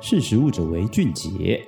識食物者為俊傑。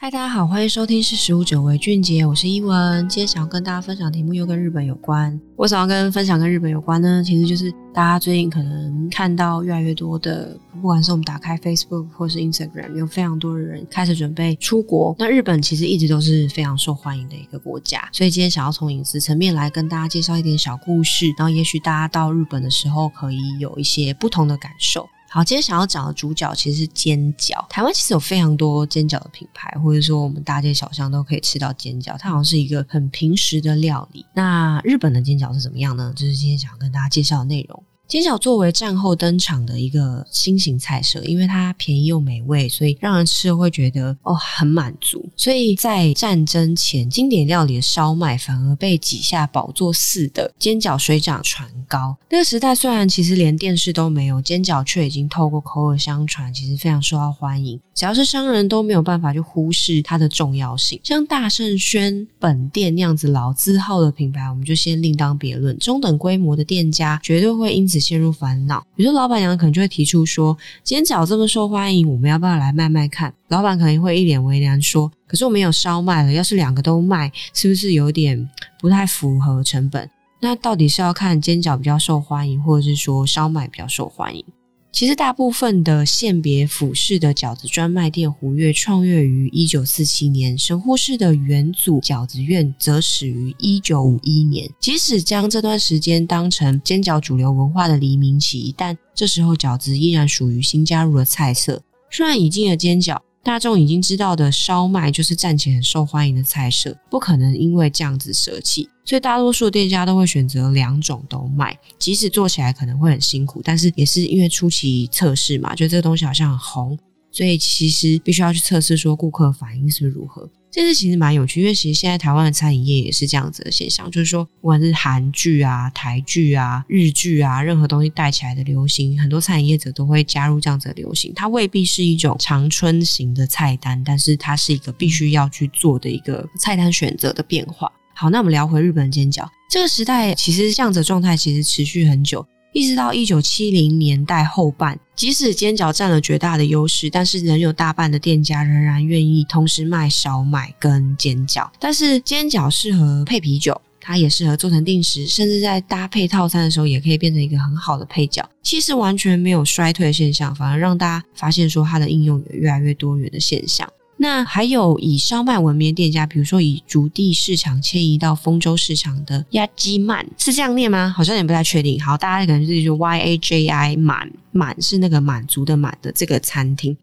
嗨，大家好，歡迎收聽《識食物者為俊傑》，我是依文。今天想要跟大家分享的題目又跟日本有關。我想要跟分享跟日本有關呢，其實就是大家最近可能看到越來越多的，不管是我們打開 Facebook 或是 Instagram，有非常多的人開始準備出國。那日本其實一直都是非常受歡迎的一個國家，所以今天想要從飲食層面來跟大家介紹一點小故事，然後也許大家到日本的時候可以有一些不同的感受。好，今天想要講的主角其實是煎餃。台灣其實有非常多煎餃的品牌，或者說我們大街小巷都可以吃到煎餃，它好像是一個很平實的料理。那日本的煎餃是怎麼樣呢？就是今天想要跟大家介紹的內容。煎餃作為戰後登場的一個新型菜色，因為它便宜又美味，所以讓人吃了會覺得哦，很滿足。所以在戰爭前，經典料理的燒賣反而被擠下寶座似的，煎餃水漲船高。那個時代雖然其實連電視都沒有，煎餃卻已經透過口耳相傳，其實非常受到歡迎。只要是商人都沒有辦法去忽視它的重要性。像大聖軒本店那樣子老字號的品牌，我們就先另當別論。中等規模的店家絕對會因此。陷入煩惱，比如說老闆娘可能就會提出說，煎餃這麼受歡迎，我們要不要來賣賣看？老闆可能會一臉為難說，可是我們有燒賣了，要是兩個都賣，是不是有點不太符合成本？那到底是要看煎餃比較受歡迎，或者是說燒賣比較受歡迎？其實，大部分的現別府式的餃子專賣店胡月創業於1947年，神戶市的元祖餃子院則始於1951年。即使將這段時間當成煎餃主流文化的黎明期，但這時候餃子依然屬於新加入的菜色。雖然已經有了煎餃。大眾已經知道的燒賣就是暫且很受歡迎的菜色，不可能因為這樣子捨棄，所以大多數店家都會選擇兩種都賣。即使做起來可能會很辛苦，但是也是因為初期測試嘛，覺得這個東西好像很紅，所以其實必須要去測試說顧客反應是如何。這件事其實蠻有趣，因為其實現在台灣的餐飲業也是這樣子的現象，就是說，不管是韓劇啊、台劇啊、日劇啊，任何東西帶起來的流行，很多餐飲業者都會加入這樣子的流行。它未必是一種長春型的菜單，但是它是一個必須要去做的一個菜單選擇的變化。好，那我們聊回日本煎餃。這個時代其實這樣子的狀態其實持續很久。一直到一九七零年代後半，即使煎餃占了絕大的優勢，但是仍有大半的店家仍然願意同時賣燒賣跟煎餃。但是煎餃適合配啤酒，它也適合做成定食，甚至在搭配套餐的時候，也可以變成一個很好的配角。其實完全沒有衰退的現象，反而讓大家發現說它的應用也越來越多元的現象。那還有以燒賣聞名的店家，比如說，以築地市場遷移到豐州市場的壓雞滿，是這樣念嗎？好像也不太確定。好，大家可能自己就 Y A J I 滿滿是那個滿足的滿的這個餐廳，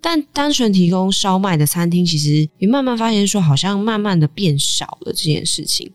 但單純提供燒賣的餐廳，其實你慢慢發現說，好像慢慢的變少了這件事情。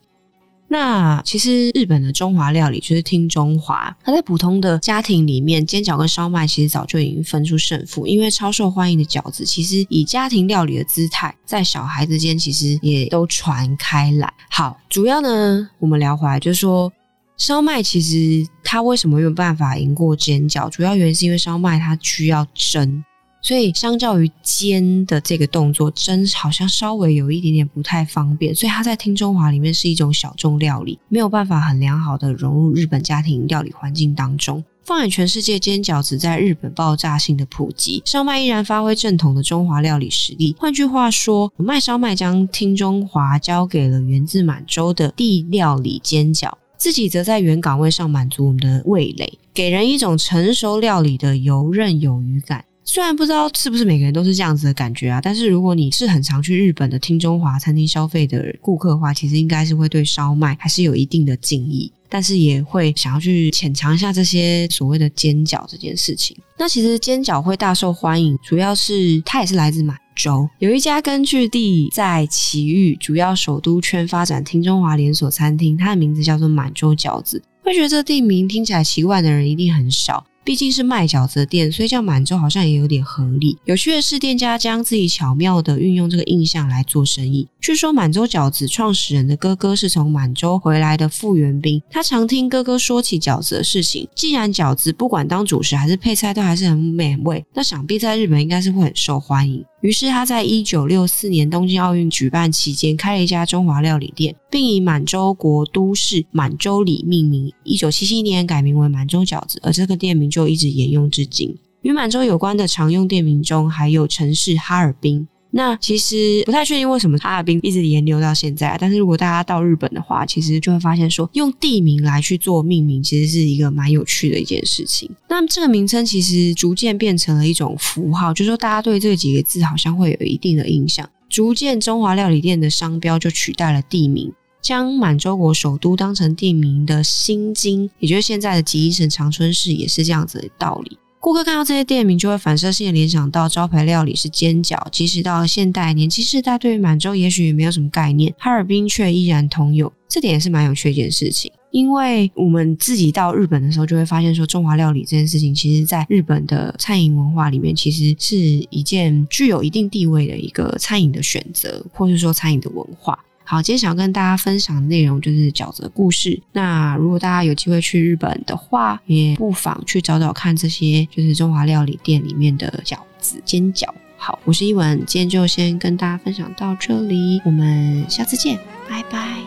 那其實日本的中華料理就是町中華，它在普通的家庭裡面，煎餃跟燒麥其實早就已經分出勝負，因為超受歡迎的餃子，其實以家庭料理的姿態，在小孩子間其實也都傳開來。好，主要呢，我們聊回來就是說，燒麥其實它為什麼沒有辦法贏過煎餃？主要原因是因為燒麥它需要蒸。所以，相較於煎的這個動作，真好像稍微有一點點不太方便。所以，它在町中華裡面是一種小眾料理，沒有辦法很良好的融入日本家庭料理環境當中。放眼全世界，煎餃子在日本爆炸性的普及，燒賣依然發揮正統的中華料理實力。換句話說，賣燒賣將町中華交給了源自滿洲的地料理煎餃，自己則在原崗位上滿足我們的味蕾，給人一種成熟料理的游刃有餘感。雖然不知道是不是每個人都是這樣子的感覺啊，但是如果你是很常去日本的町中華餐廳消費的顧客的話，其實應該是會對燒賣還是有一定的敬意，但是也會想要去淺嘗一下這些所謂的煎餃這件事情。那其實煎餃會大受歡迎，主要是它也是來自滿洲，有一家根據地在埼玉，主要首都圈發展町中華連鎖餐廳，它的名字叫做滿洲餃子。會覺得這地名聽起來奇怪的人一定很少。畢竟是賣餃子的店，所以叫滿洲好像也有點合理。有趣的是，店家將自己巧妙的運用這個印象來做生意。據說滿洲餃子創始人的哥哥是從滿洲回來的復員兵，他常聽哥哥說起餃子的事情。既然餃子不管當主食還是配菜都還是很美味，那想必在日本應該是會很受歡迎。於是他在一九六四年東京奧運舉辦期間開了一家中華料理店，並以滿洲國都市滿洲里命名。一九七七年改名為滿洲餃子，而這個店名，就一直沿用至今。與滿洲有關的常用店名中，還有城市哈爾濱。那其實不太確定為什麼哈爾濱一直沿流到現在。但是如果大家到日本的話，其實就會發現說用地名來去做命名，其實是一個蠻有趣的一件事情。那這個名稱其實逐漸變成了一種符號，就是說大家對這幾個字好像會有一定的印象。逐漸中華料理店的商標就取代了地名。將滿洲國首都當成地名的“新京”，也就是現在的吉林省長春市，也是這樣子的道理。顧客看到這些店名，就會反射性的聯想到招牌料理是煎餃。即使到現代年輕世代，對於滿洲也許也沒有什麼概念，哈爾濱卻依然通用，這點也是蠻有趣的一件事情。因為我們自己到日本的時候，就會發現說，中華料理這件事情，其實在日本的餐飲文化裡面，其實是一件具有一定地位的一個餐飲的選擇，或是說餐飲的文化。好，今天想要跟大家分享的內容就是餃子的故事。那如果大家有機會去日本的話，也不妨去找找看這些就是中華料理店裡面的餃子、煎餃。好，我是依文，今天就先跟大家分享到這裡，我們下次見，拜拜。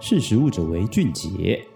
識食物者為俊傑。